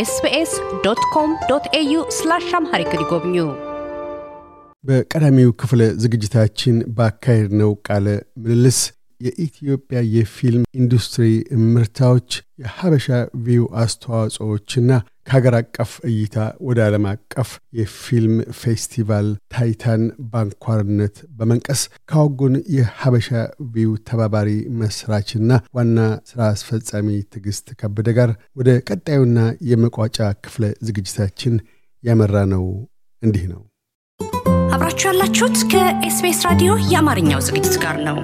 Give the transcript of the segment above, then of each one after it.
ኤስቢኤስ ዶት ኮም ዶት ኤዩ ስላሽ አምሃሪክ ይጎብኙ። በቀዳሚው ክፍለ ዝግጅታችን በአካሄድ ነው ቃለ ምልልስ የኢትዮጵያ የፊልም ኢንዱስትሪ ምርታዎች የሀበሻ ቪው አስተዋጽዎችና ከሀገር አቀፍ እይታ ወደ ዓለም አቀፍ የፊልም ፌስቲቫል ታይታን ባንኳርነት በመንቀስ ከወጉን የሀበሻ ቪው ተባባሪ መስራችና ዋና ስራ አስፈጻሚ ትዕግስት ከበደ ጋር ወደ ቀጣዩና የመቋጫ ክፍለ ዝግጅታችን ያመራ ነው። እንዲህ ነው። አብራችሁ ያላችሁት ከኤስቢኤስ ራዲዮ የአማርኛው ዝግጅት ጋር ነው።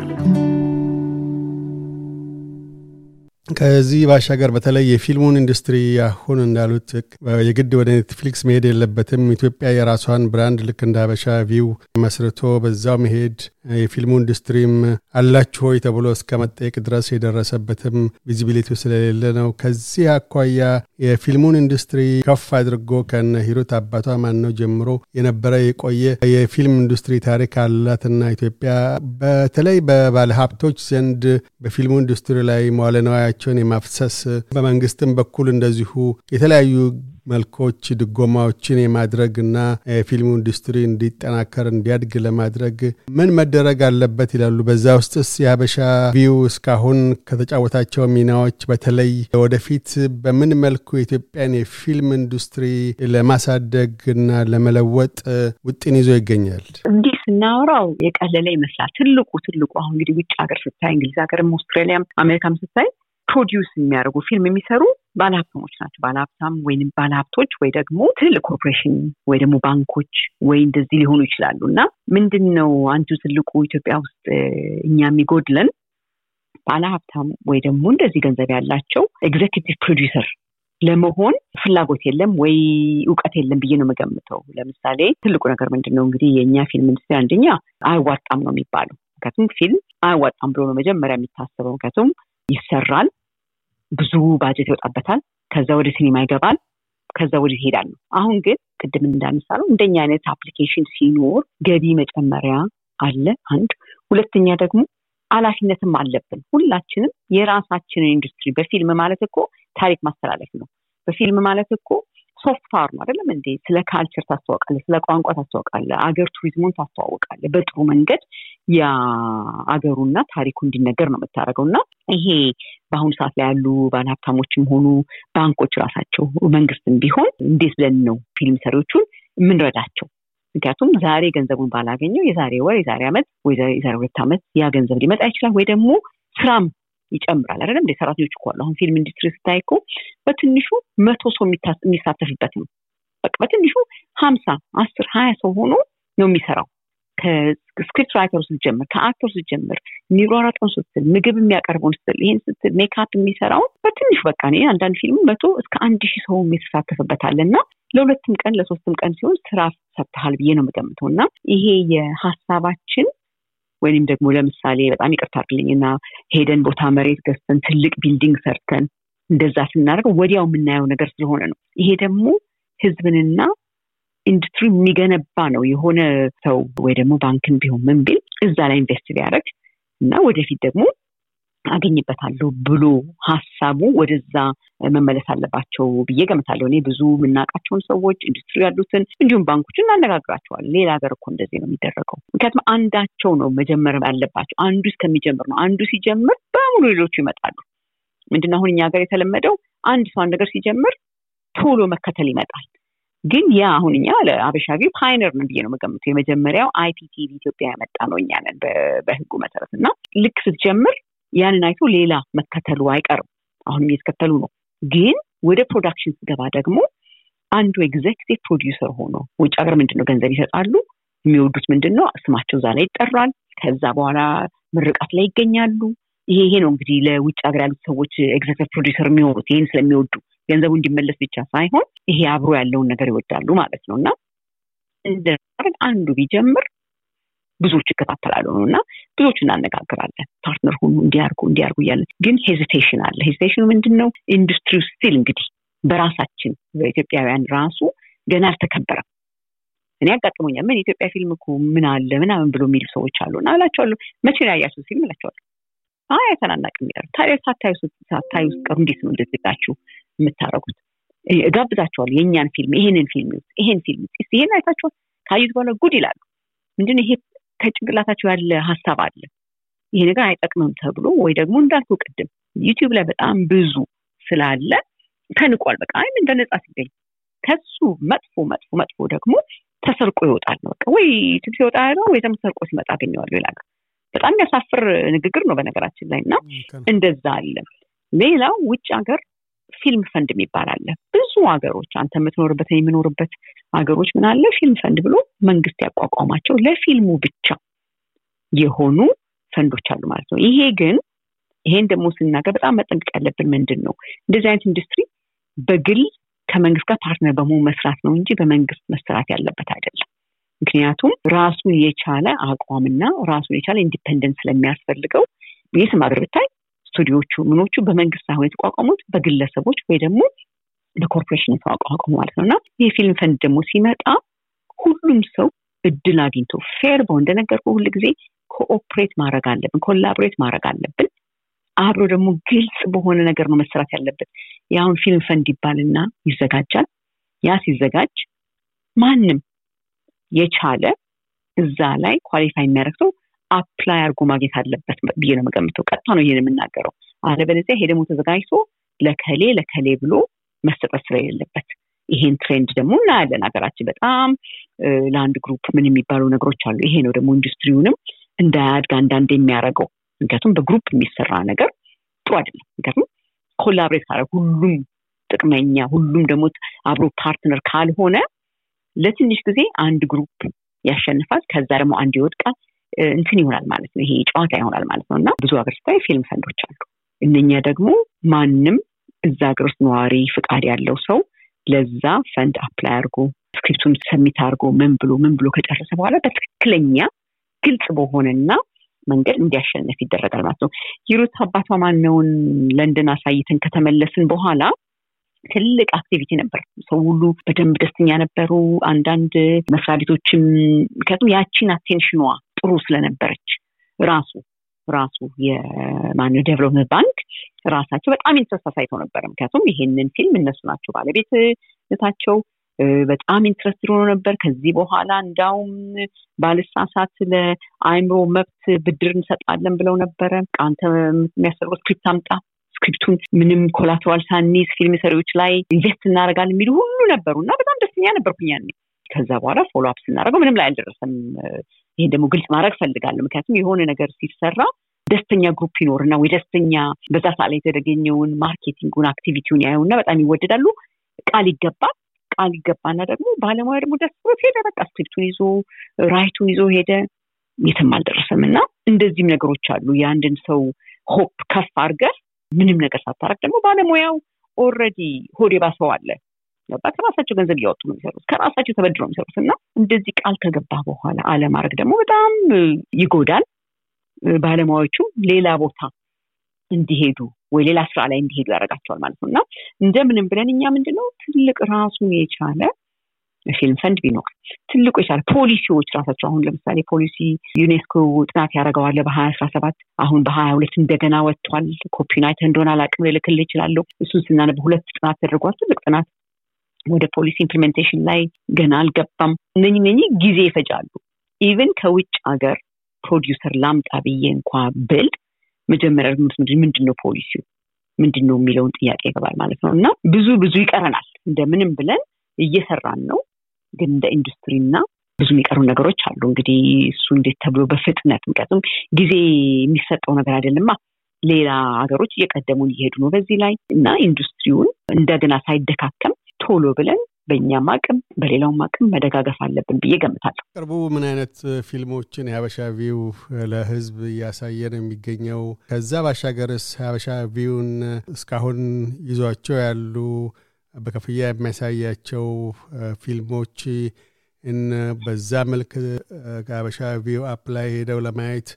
ከዚህ ባሻገር በተለይ የፊልሙን ኢንዱስትሪ አሁን እንዳሉት የግድ ወደ ኔትፍሊክስ መሄድ የለበትም። ኢትዮጵያ የራሷን ብራንድ ልክ እንደ ቪው መስርቶ በዛው መሄድ የፊልሙ ኢንዱስትሪም አላችሁ ሆይ ተብሎ እስከ መጠየቅ ድረስ የደረሰበትም ቪዚቢሊቲ ስለሌለ ነው። ከዚህ አኳያ የፊልሙን ኢንዱስትሪ ከፍ አድርጎ ከነ ሂሩት አባቷ ማነው ጀምሮ የነበረ የቆየ የፊልም ኢንዱስትሪ ታሪክ አላትና ኢትዮጵያ በተለይ በባለሀብቶች ዘንድ በፊልሙ ኢንዱስትሪ ላይ መዋለ ደማቸውን የማፍሰስ በመንግስትም በኩል እንደዚሁ የተለያዩ መልኮች ድጎማዎችን የማድረግ እና የፊልሙ ኢንዱስትሪ እንዲጠናከር እንዲያድግ ለማድረግ ምን መደረግ አለበት ይላሉ? በዛ ውስጥስ የሀበሻ ቪው እስካሁን ከተጫወታቸው ሚናዎች በተለይ ወደፊት በምን መልኩ የኢትዮጵያን የፊልም ኢንዱስትሪ ለማሳደግ እና ለመለወጥ ውጥን ይዞ ይገኛል? እንዲህ ስናወራው የቀለለ ይመስላል። ትልቁ ትልቁ አሁን እንግዲህ ውጭ ሀገር ስታይ እንግሊዝ ሀገርም፣ አውስትራሊያም፣ አሜሪካም ስታይ ፕሮዲውስ የሚያደርጉ ፊልም የሚሰሩ ባለሀብታሞች ናቸው። ባለሀብታም ወይም ባለሀብቶች ወይ ደግሞ ትልቅ ኮርፖሬሽን ወይ ደግሞ ባንኮች ወይ እንደዚህ ሊሆኑ ይችላሉ እና ምንድን ነው አንዱ ትልቁ ኢትዮጵያ ውስጥ እኛ የሚጎድለን ባለሀብታም ወይ ደግሞ እንደዚህ ገንዘብ ያላቸው ኤግዜኪቲቭ ፕሮዲሰር ለመሆን ፍላጎት የለም ወይ እውቀት የለም ብዬ ነው መገምተው ለምሳሌ ትልቁ ነገር ምንድን ነው እንግዲህ የእኛ ፊልም ኢንዱስትሪ አንደኛ አይዋጣም ነው የሚባለው። ምክንያቱም ፊልም አይዋጣም ብሎ ነው መጀመሪያ የሚታሰበው። ምክንያቱም ይሰራል ብዙ ባጀት ይወጣበታል። ከዛ ወደ ሲኒማ ይገባል። ከዛ ወደ ይሄዳል ነው። አሁን ግን ቅድም እንዳነሳነው እንደኛ አይነት አፕሊኬሽን ሲኖር ገቢ መጨመሪያ አለ አንድ። ሁለተኛ ደግሞ ኃላፊነትም አለብን ሁላችንም የራሳችንን ኢንዱስትሪ በፊልም ማለት እኮ ታሪክ ማስተላለፍ ነው። በፊልም ማለት እኮ ሶፍትዋር ነው አደለም እንዴ? ስለ ካልቸር ታስተዋውቃለ፣ ስለ ቋንቋ ታስተዋውቃለ፣ አገር ቱሪዝሙን ታስተዋውቃለ። በጥሩ መንገድ የአገሩና ታሪኩ እንዲነገር ነው የምታደርገው እና ይሄ በአሁኑ ሰዓት ላይ ያሉ ባለሀብታሞችም ሆኑ ባንኮች ራሳቸው መንግስትም ቢሆን እንዴት ብለን ነው ፊልም ሰሪዎቹን የምንረዳቸው? ምክንያቱም ዛሬ ገንዘቡን ባላገኘው የዛሬ ወር፣ የዛሬ ዓመት ወይ የዛሬ ሁለት አመት ያ ገንዘብ ሊመጣ ይችላል ወይ ደግሞ ስራም ይጨምራል አይደለም እንደ ሰራተኞች እኮ አሁን ፊልም ኢንዱስትሪ ስታይ እኮ በትንሹ መቶ ሰው የሚሳተፍበት ነው። በቃ በትንሹ ሀምሳ አስር ሀያ ሰው ሆኖ ነው የሚሰራው ከስክሪፕት ራይተሩ ስትጀምር፣ ከአክተሩ ስትጀምር፣ ኒውሮራጡን ስትል፣ ምግብ የሚያቀርበውን ስትል፣ ይህን ስትል፣ ሜካፕ የሚሰራውን በትንሽ በቃ እኔ አንዳንድ ፊልም መቶ እስከ አንድ ሺህ ሰውም የተሳተፍበታል እና ለሁለትም ቀን ለሶስትም ቀን ሲሆን ስራ ሰጥተሃል ብዬ ነው የምገምተው እና ይሄ የሀሳባችን ወይም ደግሞ ለምሳሌ በጣም ይቅርታ አድርግልኝ እና ሄደን ቦታ መሬት ገዝተን ትልቅ ቢልዲንግ ሰርተን እንደዛ ስናደርገው ወዲያው የምናየው ነገር ስለሆነ ነው። ይሄ ደግሞ ህዝብንና ኢንዱስትሪ የሚገነባ ነው። የሆነ ሰው ወይ ደግሞ ባንክን ቢሆን ምን ቢል እዛ ላይ ኢንቨስት ቢያደረግ እና ወደፊት ደግሞ አገኝበታለሁ ብሎ ሀሳቡ ወደዛ መመለስ አለባቸው ብዬ ገምታለሁ። እኔ ብዙ የምናውቃቸውን ሰዎች ኢንዱስትሪ ያሉትን እንዲሁም ባንኮችን እናነጋግራቸዋል። ሌላ ሀገር እኮ እንደዚህ ነው የሚደረገው። ምክንያቱም አንዳቸው ነው መጀመር ያለባቸው። አንዱ እስከሚጀምር ነው። አንዱ ሲጀምር በሙሉ ሌሎቹ ይመጣሉ። ምንድን አሁን እኛ ሀገር የተለመደው አንድ ሰው አንድ ነገር ሲጀምር ቶሎ መከተል ይመጣል። ግን ያ አሁን እኛ ለአበሻ ቪው ፓይነር ነው ብዬ ነው መገምቱ። የመጀመሪያው አይፒቲቪ ኢትዮጵያ ያመጣ ነው እኛ ነን በህጉ መሰረት እና ልክ ስትጀምር ያንን አይቶ ሌላ መከተሉ አይቀርም። አሁንም እየተከተሉ ነው። ግን ወደ ፕሮዳክሽን ስገባ ደግሞ አንዱ ኤግዜክቲቭ ፕሮዲውሰር ሆኖ ውጭ ሀገር ምንድን ነው ገንዘብ ይሰጣሉ። የሚወዱት ምንድን ነው ስማቸው እዛ ላይ ይጠራል። ከዛ በኋላ ምርቃት ላይ ይገኛሉ። ይሄ ይሄ ነው እንግዲህ ለውጭ ሀገር ያሉት ሰዎች ኤግዜክቲቭ ፕሮዲሰር የሚሆኑት ይህን ስለሚወዱ ገንዘቡ እንዲመለስ ብቻ ሳይሆን ይሄ አብሮ ያለውን ነገር ይወዳሉ ማለት ነው እና እንደማድረግ አንዱ ቢጀምር ብዙዎች ይከታተላሉ ነው እና ብዙዎች እናነጋግራለን። ፓርትነር ሁኑ እንዲያርጉ እንዲያርጉ እያለ ግን ሄዚቴሽን አለ። ሄዚቴሽኑ ምንድን ነው? ኢንዱስትሪ ስቲል እንግዲህ በራሳችን በኢትዮጵያውያን ራሱ ገና አልተከበረም። እኔ ያጋጥሞኛል። ምን ኢትዮጵያ ፊልም እኮ ምን አለ ምናምን ብሎ የሚሉ ሰዎች አሉ እና እላቸዋለሁ መቼ ነው ያያችሁት ፊልም እላቸዋለሁ አይ አተናናቅም ይላሉ። ታዲያ ሳታዩ ሳታዩ ቀሩ እንዴት ነው እንደዚጋችሁ የምታደረጉት እጋብዛቸዋል የእኛን ፊልም ይሄንን ፊልም ይሁት ይሄን ፊልም ስ ይሄን አይታቸው ካዩት በኋላ ጉድ ይላሉ። ምንድን ይሄ ከጭንቅላታቸው ያለ ሀሳብ አለ ይሄ ነገር አይጠቅምም ተብሎ ወይ ደግሞ እንዳልኩ ቅድም ዩቲዩብ ላይ በጣም ብዙ ስላለ ተንቋል። በቃ አይ ምን በነጻ ሲገኝ ከሱ መጥፎ መጥፎ መጥፎ ደግሞ ተሰርቆ ይወጣል ነው በቃ ወይ ዩቲዩብ ሲወጣ ያለው ወይ ደግሞ ተሰርቆ ሲመጣ አገኘዋለሁ ይላል በጣም የሚያሳፍር ንግግር ነው በነገራችን ላይ እና እንደዛ አለ። ሌላው ውጭ ሀገር ፊልም ፈንድ የሚባል አለ። ብዙ ሀገሮች አንተ የምትኖርበት የምኖርበት ሀገሮች ምን አለ ፊልም ፈንድ ብሎ መንግስት ያቋቋማቸው ለፊልሙ ብቻ የሆኑ ፈንዶች አሉ ማለት ነው። ይሄ ግን ይሄን ደግሞ ስናገር በጣም መጠንቀቅ ያለብን ምንድን ነው እንደዚህ አይነት ኢንዱስትሪ በግል ከመንግስት ጋር ፓርትነር በመሆን መስራት ነው እንጂ በመንግስት መሰራት ያለበት አይደለም። ምክንያቱም ራሱን የቻለ አቋምና ራሱን የቻለ ኢንዲፐንደንስ ስለሚያስፈልገው የትም ሀገር ብታይ ስቱዲዮቹ ምኖቹ በመንግስት አሁን የተቋቋሙት በግለሰቦች ወይ ደግሞ በኮርፖሬሽን የተቋቋሙ ማለት ነው እና ይህ ፊልም ፈንድ ደግሞ ሲመጣ ሁሉም ሰው እድል አግኝቶ ፌር በሆን እንደነገርኩ ሁሉ ጊዜ ኮኦፕሬት ማድረግ አለብን፣ ኮላቦሬት ማድረግ አለብን። አብሮ ደግሞ ግልጽ በሆነ ነገር ነው መሰራት ያለበት። የአሁን ፊልም ፈንድ ይባልና ይዘጋጃል። ያ ሲዘጋጅ ማንም የቻለ እዛ ላይ ኳሊፋይ የሚያደርግ ሰው አፕላይ አድርጎ ማግኘት አለበት ብዬ ነው መገምተው። ቀጥታ ነው ይህን የምናገረው። አለበለዚያ ይሄ ደግሞ ተዘጋጅቶ ለከሌ ለከሌ ብሎ መሰጠት ስለሌለበት ይሄን ትሬንድ ደግሞ እናያለን። ሀገራችን በጣም ለአንድ ግሩፕ ምን የሚባሉ ነገሮች አሉ። ይሄ ነው ደግሞ ኢንዱስትሪውንም እንዳያድግ አንዳንድ የሚያደርገው። ምክንያቱም በግሩፕ የሚሰራ ነገር ጥሩ አይደለም። ምክንያቱም ኮላብሬት ካደረግ ሁሉም ጥቅመኛ፣ ሁሉም ደግሞ አብሮ ፓርትነር ካልሆነ ለትንሽ ጊዜ አንድ ግሩፕ ያሸንፋል፣ ከዛ ደግሞ አንድ ይወድቃል። እንትን ይሆናል ማለት ነው። ይሄ ጨዋታ ይሆናል ማለት ነው እና ብዙ ሀገር ስታይ ፊልም ፈንዶች አሉ። እነኛ ደግሞ ማንም እዛ ሀገር ውስጥ ነዋሪ ፍቃድ ያለው ሰው ለዛ ፈንድ አፕላይ አድርጎ ስክሪፕቱን ሰሚት አድርጎ ምን ብሎ ምን ብሎ ከጨረሰ በኋላ በትክክለኛ ግልጽ በሆነና መንገድ እንዲያሸነፍ ይደረጋል ማለት ነው። ሂሩት አባቷ ማነውን ለንደን አሳይተን ከተመለስን በኋላ ትልቅ አክቲቪቲ ነበር። ሰው ሁሉ በደንብ ደስተኛ ነበሩ። አንዳንድ መስሪያ ቤቶችም ምክንያቱም ያቺን አቴንሽኗ ጥሩ ስለነበረች ራሱ ራሱ የማን ዴቨሎፕመንት ባንክ ራሳቸው በጣም ኢንትረስት አሳይተው ነበር። ምክንያቱም ይሄንን ፊልም እነሱ ናቸው ባለቤትነታቸው። በጣም ኢንትረስት ሆኖ ነበር። ከዚህ በኋላ እንዳውም ባልሳሳት ለአእምሮ መብት ብድር እንሰጣለን ብለው ነበረ። ቃንተ የሚያሰርጉት ክሪፕት አምጣ ስክሪፕቱን ምንም ኮላተዋል ሳኒስ ፊልም ሰሪዎች ላይ ኢንቨስት እናደርጋለን የሚሉ ሁሉ ነበሩ እና በጣም ደስተኛ ነበርኩኝ ያኔ። ከዛ በኋላ ፎሎ አፕ ስናደርገው ምንም ላይ አልደረሰም። ይህን ደግሞ ግልጽ ማድረግ ፈልጋለሁ። ምክንያቱም የሆነ ነገር ሲሰራ ደስተኛ ግሩፕ ይኖርና ወይ ደስተኛ በዛ ሰዓት ላይ የተደገኘውን ማርኬቲንጉን አክቲቪቲውን ያዩና በጣም ይወደዳሉ። ቃል ይገባል። ቃል ይገባና ደግሞ ባለሙያ ደግሞ ደስ ብሎት ሄደ። በቃ ስክሪፕቱን ይዞ ራይቱን ይዞ ሄደ። የትም አልደረሰም እና እንደዚህም ነገሮች አሉ። የአንድን ሰው ሆፕ ከፍ አድርገህ ምንም ነገር ሳታረግ ደግሞ ባለሙያው ኦረዲ ሆዴ ባሰው አለ ገባ ከራሳቸው ገንዘብ እያወጡ ነው የሚሰሩት፣ ከራሳቸው ተበድሮ የሚሰሩት። እና እንደዚህ ቃል ከገባ በኋላ አለማድረግ ደግሞ በጣም ይጎዳል። ባለሙያዎቹ ሌላ ቦታ እንዲሄዱ ወይ ሌላ ስራ ላይ እንዲሄዱ ያደርጋቸዋል ማለት ነው እና እንደምንም ብለን እኛ ምንድነው ትልቅ ራሱን የቻለ ፊልም ፈንድ ቢኖር ትልቁ የቻለ ፖሊሲዎች ራሳቸው አሁን ለምሳሌ ፖሊሲ ዩኔስኮ ጥናት ያደረገዋለ በሀያ አስራ ሰባት አሁን በሀያ ሁለት እንደገና ወጥቷል። ኮፒዩናይት እንደሆነ አላቅም ልልክል ይችላለሁ እሱን ስናነብ ሁለት ጥናት ተደርጓል። ትልቅ ጥናት ወደ ፖሊሲ ኢምፕሊሜንቴሽን ላይ ገና አልገባም። እነኚህ እነኚህ ጊዜ ይፈጃሉ። ኢቨን ከውጭ ሀገር ፕሮዲውሰር ላምጣ ብዬ እንኳ ብል መጀመሪያ ምንድን ነው ፖሊሲው ምንድን ነው የሚለውን ጥያቄ ይገባል ማለት ነው እና ብዙ ብዙ ይቀረናል። እንደምንም ብለን እየሰራን ነው ግን እንደ ኢንዱስትሪና ብዙ የሚቀሩ ነገሮች አሉ። እንግዲህ እሱ እንዴት ተብሎ በፍጥነት ምቀጥም ጊዜ የሚሰጠው ነገር አይደለማ። ሌላ ሀገሮች እየቀደሙን እየሄዱ ነው በዚህ ላይ እና ኢንዱስትሪውን እንደገና ሳይደካከም ቶሎ ብለን በእኛም አቅም በሌላውም አቅም መደጋገፍ አለብን ብዬ ገምታለሁ። ቅርቡ ምን አይነት ፊልሞችን የሀበሻ ቪው ለህዝብ እያሳየ ነው የሚገኘው? ከዛ ባሻገርስ ሀበሻ ቪውን እስካሁን ይዟቸው ያሉ በከፍያ የሚያሳያቸው ፊልሞች በዛ መልክ ጋበሻ ቪው አፕ ላይ ሄደው ለማየት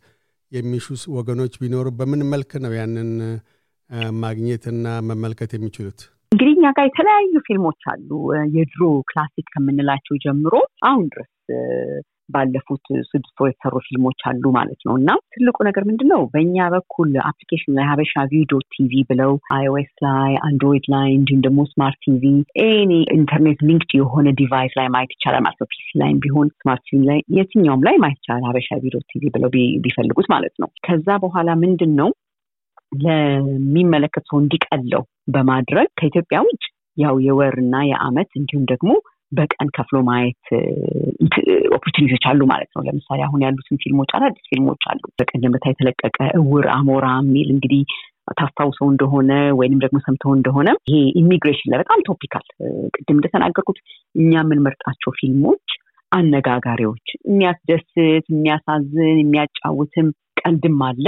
የሚሹ ወገኖች ቢኖሩ በምን መልክ ነው ያንን ማግኘትና መመልከት የሚችሉት? እንግዲህ እኛ ጋር የተለያዩ ፊልሞች አሉ። የድሮ ክላሲክ ከምንላቸው ጀምሮ አሁን ድረስ ባለፉት ስድስት ወር የተሰሩ ፊልሞች አሉ ማለት ነው። እና ትልቁ ነገር ምንድን ነው? በእኛ በኩል አፕሊኬሽን ላይ ሀበሻ ቪዲዮ ቲቪ ብለው አይኦኤስ ላይ፣ አንድሮይድ ላይ እንዲሁም ደግሞ ስማርት ቲቪ ኤኒ ኢንተርኔት ሊንክድ የሆነ ዲቫይስ ላይ ማየት ይቻላል ማለት ነው። ፒሲ ላይም ቢሆን ስማርት ቲቪ ላይ የትኛውም ላይ ማየት ይቻላል ሀበሻ ቪዲዮ ቲቪ ብለው ቢፈልጉት ማለት ነው። ከዛ በኋላ ምንድን ነው ለሚመለከት ሰው እንዲቀለው በማድረግ ከኢትዮጵያ ውጭ ያው የወርና የአመት እንዲሁም ደግሞ በቀን ከፍሎ ማየት ኦፖርቹኒቲዎች አሉ ማለት ነው። ለምሳሌ አሁን ያሉትን ፊልሞች አዳዲስ ፊልሞች አሉ። በቀን ለምታ የተለቀቀ እውር አሞራ የሚል እንግዲህ ታስታውሰው እንደሆነ ወይንም ደግሞ ሰምተው እንደሆነ ይሄ ኢሚግሬሽን ላይ በጣም ቶፒካል ቅድም እንደተናገርኩት እኛ የምንመርጣቸው ፊልሞች አነጋጋሪዎች፣ የሚያስደስት፣ የሚያሳዝን፣ የሚያጫውትም ቀልድም አለ።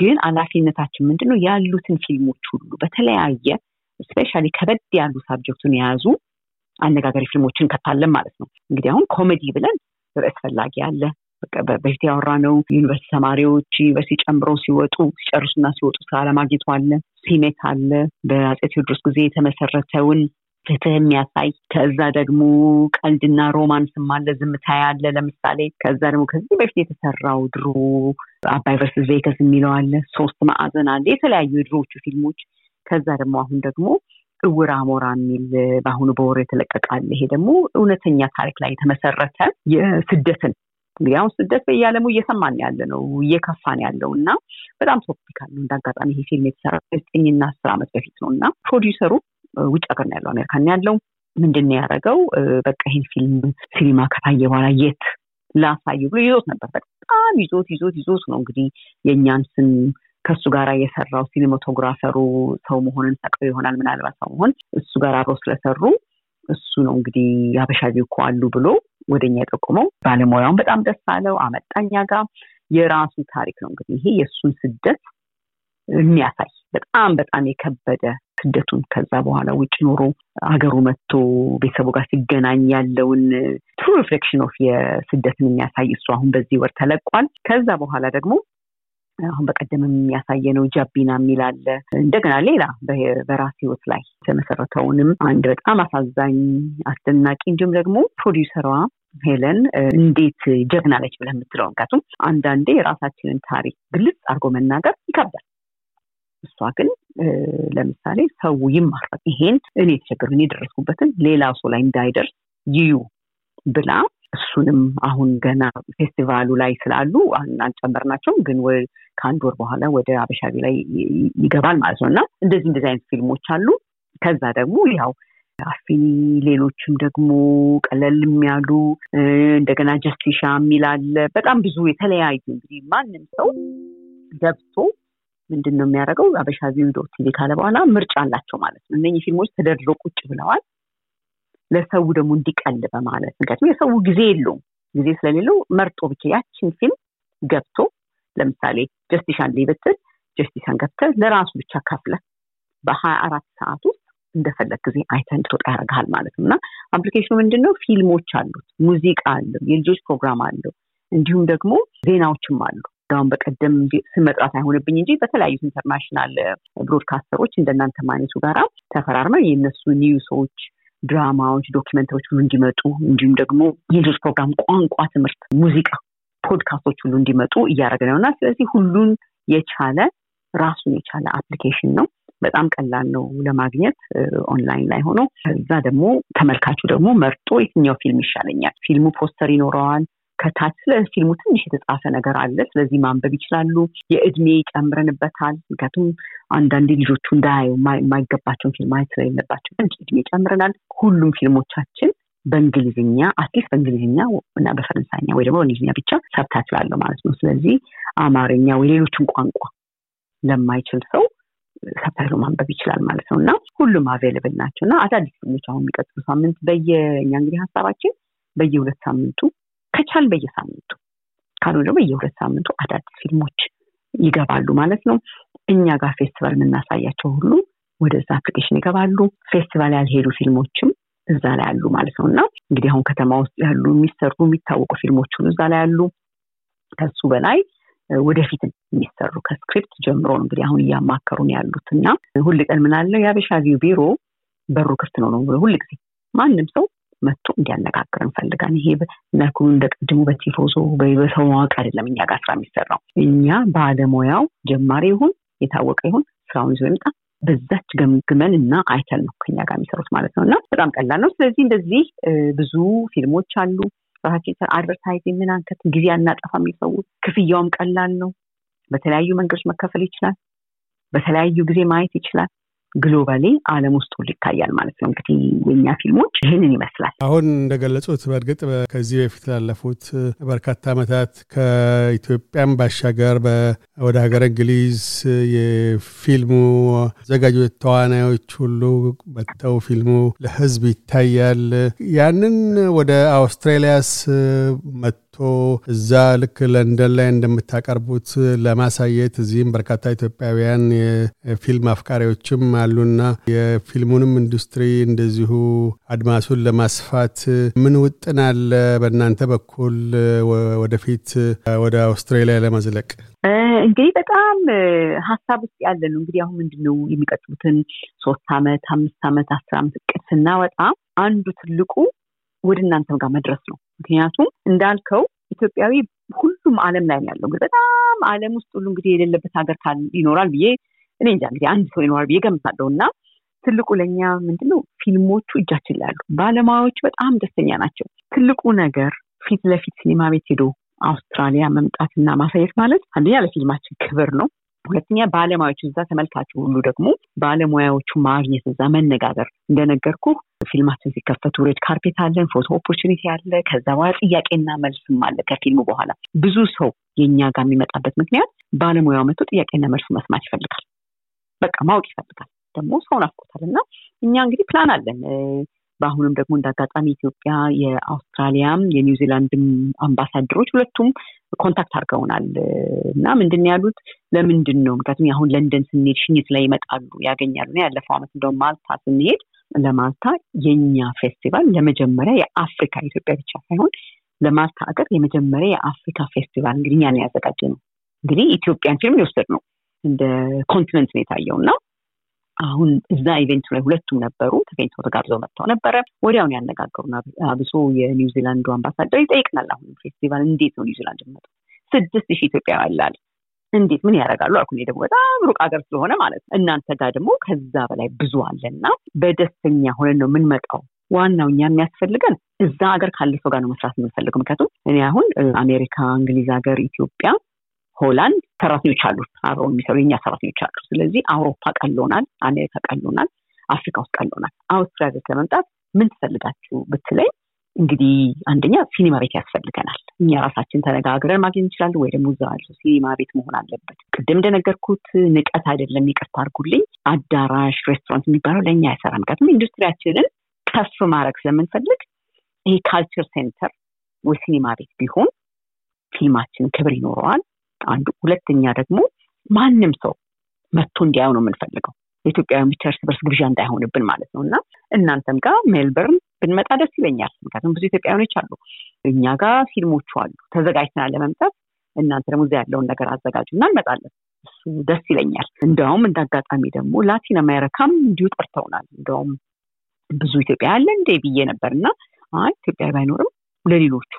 ግን ኃላፊነታችን ምንድነው ያሉትን ፊልሞች ሁሉ በተለያየ ስፔሻሊ ከበድ ያሉ ሳብጀክቱን የያዙ አነጋጋሪ ፊልሞችን ከታለን ማለት ነው። እንግዲህ አሁን ኮሜዲ ብለን ርዕስ ፈላጊ አለ። በፊት ያወራ ነው። ዩኒቨርሲቲ ተማሪዎች ዩኒቨርሲቲ ጨምሮ ሲወጡ ሲጨርሱና ሲወጡ ስራ ለማግኘቱ አለ። ሲሜት አለ። በአፄ ቴዎድሮስ ጊዜ የተመሰረተውን ፍትህ የሚያሳይ ከዛ ደግሞ ቀልድና ሮማንስም አለ። ዝምታ ያለ ለምሳሌ ከዛ ደግሞ ከዚህ በፊት የተሰራው ድሮ አባይ ቨርስ ዜከስ የሚለው አለ። ሶስት ማዕዘን አለ። የተለያዩ የድሮዎቹ ፊልሞች ከዛ ደግሞ አሁን ደግሞ እውር አሞራ የሚል በአሁኑ በወሩ የተለቀቃል። ይሄ ደግሞ እውነተኛ ታሪክ ላይ የተመሰረተ የስደትን እንግዲህ አሁን ስደት በያለሙ እየሰማን ያለ ነው እየከፋን ያለው እና በጣም ቶፒካል ነው። እንዳጋጣሚ ይሄ ፊልም የተሰራ ዘጠኝና አስር ዓመት በፊት ነው እና ፕሮዲሰሩ ውጭ ሀገር ነው ያለው፣ አሜሪካ ያለው። ምንድን ያደረገው? በቃ ይህን ፊልም ሲኒማ ከታየ በኋላ የት ላሳየው ብሎ ይዞት ነበር። በጣም ይዞት ይዞት ይዞት ነው እንግዲህ የእኛን ስም ከእሱ ጋር የሰራው ሲኒማቶግራፈሩ ሰው መሆንን ሰቅ ይሆናል ምናልባት ሰው መሆን እሱ ጋር አብረው ስለሰሩ እሱ ነው እንግዲህ የሀበሻ እኮ አሉ ብሎ ወደኛ የጠቁመው። ባለሙያውን በጣም ደስ አለው አመጣኛ ጋር የራሱ ታሪክ ነው እንግዲህ ይሄ የእሱን ስደት የሚያሳይ በጣም በጣም የከበደ ስደቱን ከዛ በኋላ ውጭ ኖሮ ሀገሩ መጥቶ ቤተሰቡ ጋር ሲገናኝ ያለውን ትሩ ሪፍሌክሽን ኦፍ የስደትን የሚያሳይ እሱ አሁን በዚህ ወር ተለቋል። ከዛ በኋላ ደግሞ አሁን በቀደምም ያሳየነው ጃቢና የሚል አለ። እንደገና ሌላ በራስ ህይወት ላይ የተመሰረተውንም አንድ በጣም አሳዛኝ አስደናቂ፣ እንዲሁም ደግሞ ፕሮዲውሰሯ ሄለን እንዴት ጀግና ነች ብለን የምትለው ምክንያቱም አንዳንዴ የራሳችንን ታሪክ ግልጽ አድርጎ መናገር ይከብዳል። እሷ ግን ለምሳሌ ሰው ይማራል። ይሄን እኔ የተቸገሩ እኔ የደረስኩበትን ሌላ ሰው ላይ እንዳይደርስ ይዩ ብላ እሱንም አሁን ገና ፌስቲቫሉ ላይ ስላሉ ናቸውም ግን ከአንድ ወር በኋላ ወደ አበሻቢ ላይ ይገባል ማለት ነው እና እንደዚህ እንደዚህ አይነት ፊልሞች አሉ። ከዛ ደግሞ ያው አፊኒ ሌሎችም ደግሞ ቀለል የሚያሉ እንደገና ጀስቲሻ የሚላለ በጣም ብዙ የተለያዩ እንግዲህ ማንም ሰው ገብቶ ምንድን ነው የሚያደርገው አበሻ ቪው ዶት ቲቪ ካለ በኋላ ምርጫ አላቸው ማለት ነው። እነኚህ ፊልሞች ተደርድረው ቁጭ ብለዋል። ለሰው ደግሞ እንዲቀል በማለት ምክንያቱም የሰው ጊዜ የለውም ጊዜ ስለሌለው መርጦ ብቻ ያችን ፊልም ገብቶ ለምሳሌ ጀስቲሻን ሊብትል ጀስቲሻን ገብተ ለራሱ ብቻ ከፍለ በሀያ አራት ሰዓት ውስጥ እንደፈለግ ጊዜ አይተህ እንድትወጣ ያደርግሃል ማለት ነው እና አፕሊኬሽኑ ምንድን ነው ፊልሞች አሉት ሙዚቃ አለው የልጆች ፕሮግራም አለው እንዲሁም ደግሞ ዜናዎችም አሉ አሁን በቀደም ስመጥራት አይሆንብኝ እንጂ በተለያዩ ኢንተርናሽናል ብሮድካስተሮች እንደናንተ ማኔቱ ጋራ ተፈራርመው የእነሱ ኒውሶች ድራማዎች ዶኪመንተሪዎች እንዲመጡ እንዲሁም ደግሞ የልጆች ፕሮግራም ቋንቋ ትምህርት ሙዚቃ ፖድካስቶች ሁሉ እንዲመጡ እያደረገ ነው እና ስለዚህ ሁሉን የቻለ ራሱን የቻለ አፕሊኬሽን ነው። በጣም ቀላል ነው ለማግኘት ኦንላይን ላይ ሆኖ ከዛ ደግሞ ተመልካቹ ደግሞ መርጦ የትኛው ፊልም ይሻለኛል፣ ፊልሙ ፖስተር ይኖረዋል። ከታች ስለ ፊልሙ ትንሽ የተጻፈ ነገር አለ። ስለዚህ ማንበብ ይችላሉ። የእድሜ ጨምረንበታል። ምክንያቱም አንዳንዴ ልጆቹ እንዳያዩ የማይገባቸውን ፊልም ማየት ስለሌለባቸው እድሜ ጨምረናል። ሁሉም ፊልሞቻችን በእንግሊዝኛ አትሊስት በእንግሊዝኛ እና በፈረንሳይኛ ወይ ደግሞ በእንግሊዝኛ ብቻ ሰብታይትላለሁ ማለት ነው። ስለዚህ አማርኛ ወይ ሌሎችን ቋንቋ ለማይችል ሰው ሰብታይሎ ማንበብ ይችላል ማለት ነው እና ሁሉም አቬልብል ናቸው እና አዳዲስ ፊልሞች አሁን የሚቀጥሉ ሳምንት በየኛ እንግዲህ ሀሳባችን በየሁለት ሳምንቱ ከቻል በየሳምንቱ ካልሆነ ደግሞ በየሁለት ሳምንቱ አዳዲስ ፊልሞች ይገባሉ ማለት ነው። እኛ ጋር ፌስቲቫል የምናሳያቸው ሁሉ ወደዛ አፕሊኬሽን ይገባሉ። ፌስቲቫል ያልሄዱ ፊልሞችም እዛ ላይ አሉ ማለት ነው እና እንግዲህ አሁን ከተማ ውስጥ ያሉ የሚሰሩ የሚታወቁ ፊልሞች ሁሉ እዛ ላይ ያሉ ከሱ በላይ ወደፊትም የሚሰሩ ከስክሪፕት ጀምሮ ነው እንግዲህ አሁን እያማከሩን ያሉት እና ሁል ቀን ምናለው የአበሻ ቪው ቢሮ በሩ ክፍት ነው ነው ሁል ጊዜ ማንም ሰው መጥቶ እንዲያነጋግር እንፈልጋል። ይሄ እንዳልኩ እንደ ቅድሙ በቲፎዞ በሰው ማወቅ አይደለም እኛ ጋር ስራ የሚሰራው እኛ ባለሙያው ጀማሪ ይሁን የታወቀ ይሁን ስራውን ይዞ ይምጣ በዛች ገምግመን እና አይተን ነው ከኛ ጋር የሚሰሩት ማለት ነው። እና በጣም ቀላል ነው። ስለዚህ እንደዚህ ብዙ ፊልሞች አሉ። ራሳችን አድቨርታይዝ ምን አንከት ጊዜ አናጠፋ የሚሰው ክፍያውም ቀላል ነው። በተለያዩ መንገዶች መከፈል ይችላል። በተለያዩ ጊዜ ማየት ይችላል። ግሎባሊ አለም ውስጥ ሁሉ ይታያል ማለት ነው። እንግዲህ የኛ ፊልሞች ይህንን ይመስላል። አሁን እንደገለጹት በእርግጥ ከዚህ በፊት ላለፉት በርካታ ዓመታት ከኢትዮጵያም ባሻገር ወደ ሀገር እንግሊዝ የፊልሙ ዘጋጆች፣ ተዋናዮች ሁሉ መጥተው ፊልሙ ለህዝብ ይታያል። ያንን ወደ አውስትራሊያስ መ መጥቶ እዛ ልክ ለንደን ላይ እንደምታቀርቡት ለማሳየት እዚህም በርካታ ኢትዮጵያውያን የፊልም አፍቃሪዎችም አሉና የፊልሙንም ኢንዱስትሪ እንደዚሁ አድማሱን ለማስፋት ምን ውጥን አለ በእናንተ በኩል ወደፊት ወደ አውስትራሊያ ለመዝለቅ? እንግዲህ በጣም ሀሳብ ውስጥ ያለ ነው። እንግዲህ አሁን ምንድን ነው የሚቀጥሉትን ሶስት አመት፣ አምስት አመት፣ አስር አመት እቅድ ስናወጣ አንዱ ትልቁ ወደ እናንተም ጋር መድረስ ነው። ምክንያቱም እንዳልከው ኢትዮጵያዊ ሁሉም ዓለም ላይ ነው ያለው። በጣም ዓለም ውስጥ ሁሉ እንግዲህ የሌለበት ሀገር ካል ይኖራል ብዬ እኔ እንጃ እንግዲህ አንድ ሰው ይኖራል ብዬ ገምታለሁ። እና ትልቁ ለእኛ ምንድነው ፊልሞቹ እጃችን ላይ ያሉ ባለሙያዎቹ በጣም ደስተኛ ናቸው። ትልቁ ነገር ፊት ለፊት ሲኒማ ቤት ሄዶ አውስትራሊያ መምጣትና ማሳየት ማለት አንደኛ ለፊልማችን ክብር ነው። ሁለተኛ ባለሙያዎች እዛ ተመልካቹ ሁሉ ደግሞ ባለሙያዎቹ ማግኘት እዛ መነጋገር እንደነገርኩ ፊልማችን ሲከፈቱ ሬድ ካርፔት አለን፣ ፎቶ ኦፖርቹኒቲ አለ። ከዛ በኋላ ጥያቄና መልስም አለ። ከፊልሙ በኋላ ብዙ ሰው የእኛ ጋር የሚመጣበት ምክንያት ባለሙያው መቶ ጥያቄና መልስ መስማት ይፈልጋል። በቃ ማወቅ ይፈልጋል። ደግሞ ሰውን አፍቆታል እና እኛ እንግዲህ ፕላን አለን በአሁኑም ደግሞ እንደ አጋጣሚ ኢትዮጵያ የአውስትራሊያም የኒውዚላንድም አምባሳደሮች ሁለቱም ኮንታክት አድርገውናል እና ምንድን ያሉት ለምንድን ነው ምክንያቱም አሁን ለንደን ስንሄድ ሽኝት ላይ ይመጣሉ ያገኛሉ ያለፈው አመት እንደውም ማልታ ስንሄድ ለማልታ የኛ ፌስቲቫል ለመጀመሪያ የአፍሪካ ኢትዮጵያ ብቻ ሳይሆን ለማልታ ሀገር የመጀመሪያ የአፍሪካ ፌስቲቫል እንግዲህ እኛን ያዘጋጀ ነው። እንግዲህ ኢትዮጵያን ፊልም ይወሰድ ነው እንደ ኮንቲነንት ነው የታየው እና አሁን እዛ ኢቬንቱ ላይ ሁለቱም ነበሩ ተገኝተው ተጋብዘው መጥተው ነበረ። ወዲያውን ያነጋገሩን አብሶ የኒውዚላንዱ አምባሳደር ይጠይቅናል። አሁን ፌስቲቫል እንዴት ነው ኒውዚላንድ መጡ ስድስት ሺህ ኢትዮጵያ ያላል እንዴት ምን ያደርጋሉ አልኩ። ደግሞ በጣም ሩቅ ሀገር ስለሆነ ማለት ነው እናንተ ጋር ደግሞ ከዛ በላይ ብዙ አለና በደስተኛ ሆነን ነው የምንመጣው። ዋናው እኛ የሚያስፈልገን እዛ ሀገር ካለ ሰው ጋር ነው መስራት የምንፈልገው። ምክንያቱም እኔ አሁን አሜሪካ፣ እንግሊዝ ሀገር፣ ኢትዮጵያ ሆላንድ ሰራተኞች አሉት አብረው የሚሰሩ የኛ ሰራተኞች አሉ። ስለዚህ አውሮፓ ቀሎናል፣ አሜሪካ ቀሎናል፣ አፍሪካ ውስጥ ቀሎናል። አውስትሪያ ቤት ለመምጣት ምን ትፈልጋችሁ ብትለኝ እንግዲህ አንደኛ ሲኒማ ቤት ያስፈልገናል። እኛ ራሳችን ተነጋግረን ማግኘት እንችላለን፣ ወይ ደግሞ እዛው ሲኒማ ቤት መሆን አለበት። ቅድም እንደነገርኩት ንቀት አይደለም፣ ይቅርታ አርጉልኝ አዳራሽ ሬስቶራንት የሚባለው ለእኛ ያሰራ ምክንያቱም ኢንዱስትሪያችንን ከፍ ማድረግ ስለምንፈልግ ይሄ ካልቸር ሴንተር ወይ ሲኒማ ቤት ቢሆን ፊልማችን ክብር ይኖረዋል፣ አንዱ። ሁለተኛ ደግሞ ማንም ሰው መጥቶ እንዲያየው ነው የምንፈልገው። የኢትዮጵያውያን ብቻ እርስ በርስ ግብዣ እንዳይሆንብን ማለት ነው እና እናንተም ጋር ሜልበርን ብንመጣ ደስ ይለኛል። ምክንያቱም ብዙ ኢትዮጵያውያኖች አሉ፣ እኛ ጋር ፊልሞቹ አሉ፣ ተዘጋጅተናል ለመምጣት። እናንተ ደግሞ እዚያ ያለውን ነገር አዘጋጁ እና እንመጣለን። እሱ ደስ ይለኛል። እንደውም እንደ አጋጣሚ ደግሞ ላቲን አሜሪካም እንዲሁ ጠርተውናል። እንደውም ብዙ ኢትዮጵያ ያለ እንዴ ብዬ ነበር እና አይ ኢትዮጵያ ባይኖርም ለሌሎቹ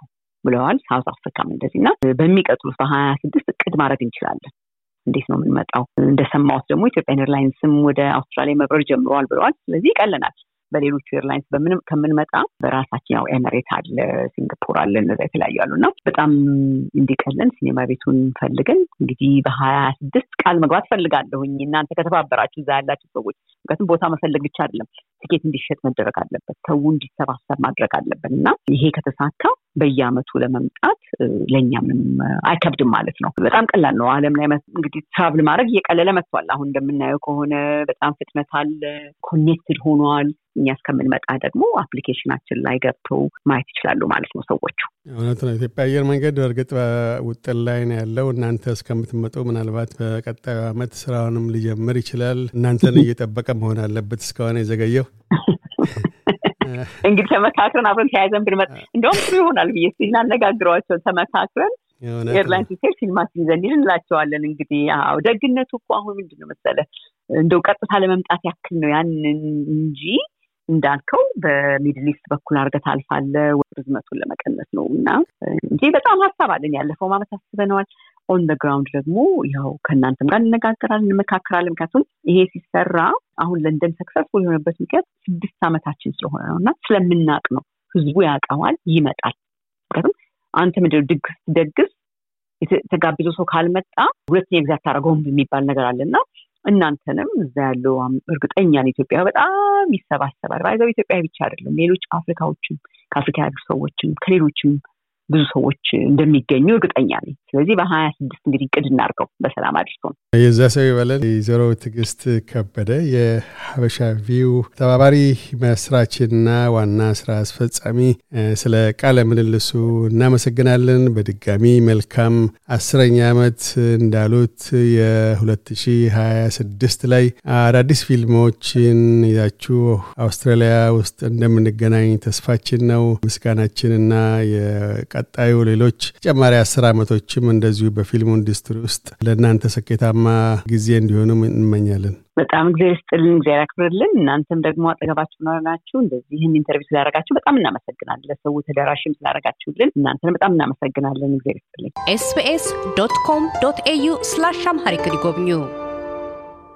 ብለዋል። ሳውት አፍሪካም እንደዚህ እና በሚቀጥሉት በሀያ ስድስት እቅድ ማድረግ እንችላለን። እንዴት ነው የምንመጣው? እንደሰማሁት ደግሞ ኢትዮጵያን ኤርላይንስም ወደ አውስትራሊያ መብረር ጀምረዋል ብለዋል። ስለዚህ ይቀለናል። በሌሎቹ ኤርላይንስ በምንም ከምንመጣ በራሳችን ያው ኤመሬት አለ፣ ሲንጋፖር አለ፣ እነዚ የተለያዩ አሉ እና በጣም እንዲቀለን ሲኔማ ቤቱን ፈልገን እንግዲህ በሀያ ስድስት ቃል መግባት ፈልጋለሁኝ እናንተ ከተባበራችሁ እዛ ያላችሁ ሰዎች። ምክንያቱም ቦታ መፈለግ ብቻ አይደለም፣ ትኬት እንዲሸጥ መደረግ አለበት፣ ሰው እንዲሰባሰብ ማድረግ አለበት እና ይሄ ከተሳካ በየአመቱ ለመምጣት ለእኛም አይከብድም ማለት ነው። በጣም ቀላል ነው። አለም ላይ እንግዲህ ትራብል ማድረግ እየቀለለ መጥቷል። አሁን እንደምናየው ከሆነ በጣም ፍጥነት አለ። ኮኔክትድ ሆኗል። እኛ እስከምንመጣ ደግሞ አፕሊኬሽናችን ላይ ገብተው ማየት ይችላሉ ማለት ነው ሰዎቹ። እውነት ነው። ኢትዮጵያ አየር መንገድ በእርግጥ በውጥን ላይ ነው ያለው። እናንተ እስከምትመጡ ምናልባት በቀጣዩ አመት ስራውንም ሊጀምር ይችላል። እናንተን እየጠበቀ መሆን አለበት። እስከሆነ የዘገየው እንግዲህ ተመካክረን አብረን ተያይዘን ብንመጥ እንደውም ጥሩ ይሆናል ብዬ ስ እናነጋግረዋቸውን ተመካክረን ኤርላይን ሲሄድ ፊልማስ ይዘን እንላቸዋለን። እንግዲህ አዎ ደግነቱ እኮ አሁን ምንድን ነው መሰለ እንደው ቀጥታ ለመምጣት ያክል ነው ያን እንጂ እንዳልከው በሚድል ኢስት በኩል አርገት አልፋለ ርዝመቱን ለመቀነስ ነው እና እንጂ በጣም ሀሳብ አለን። ያለፈው ማመት አስበነዋል። ኦን ግራውንድ ደግሞ ያው ከእናንተም ጋር እንነጋገራለን፣ እንመካከራለን። ምክንያቱም ይሄ ሲሰራ አሁን ለንደን ሰክሰስፉል የሆነበት ምክንያት ስድስት ዓመታችን ስለሆነ ነው እና ስለምናቅ ነው። ህዝቡ ያቀዋል ይመጣል። ምክንያቱም አንተ ምድ ድግስ ደግስ የተጋብዞ ሰው ካልመጣ ሁለተኛ ጊዜ አታደርገውም የሚባል ነገር አለና እናንተንም እዛ ያለው እርግጠኛ ነው ኢትዮጵያ በጣም ይሰባሰባል። ባይዘው ኢትዮጵያ ብቻ አይደለም ሌሎች አፍሪካዎችም ከአፍሪካ ያሉ ሰዎችም ከሌሎችም ብዙ ሰዎች እንደሚገኙ እርግጠኛ ነኝ። ስለዚህ በሀያ ስድስት እንግዲህ ቅድ እናርገው በሰላም አድርሶ የዛ ሰው ይበለን። ወይዘሮ ትግስት ከበደ የሀበሻ ቪው ተባባሪ መስራችና ዋና ስራ አስፈጻሚ፣ ስለ ቃለ ምልልሱ እናመሰግናለን። በድጋሚ መልካም አስረኛ ዓመት እንዳሉት የ2026 ላይ አዳዲስ ፊልሞችን ይዛችሁ አውስትራሊያ ውስጥ እንደምንገናኝ ተስፋችን ነው። ምስጋናችንና የቀጣዩ ሌሎች ተጨማሪ አስር ዓመቶች ሌሎችም እንደዚሁ በፊልሙ ኢንዱስትሪ ውስጥ ለእናንተ ስኬታማ ጊዜ እንዲሆኑ እንመኛለን። በጣም እግዚአብሔር ስጥልን እግዚአብሔር ያክብርልን። እናንተም ደግሞ አጠገባችሁ ናችሁ። እንደዚህም ኢንተርቪው ስላደረጋችሁ በጣም እናመሰግናለን። ለሰው ተደራሽም ስላደረጋችሁልን እናንተን በጣም እናመሰግናለን። እግዚአብሔር ስጥልን ኤስቤስ ዶት ኮም ዶት ኤዩ ስላሽ አምሃሪክ ይጎብኙ።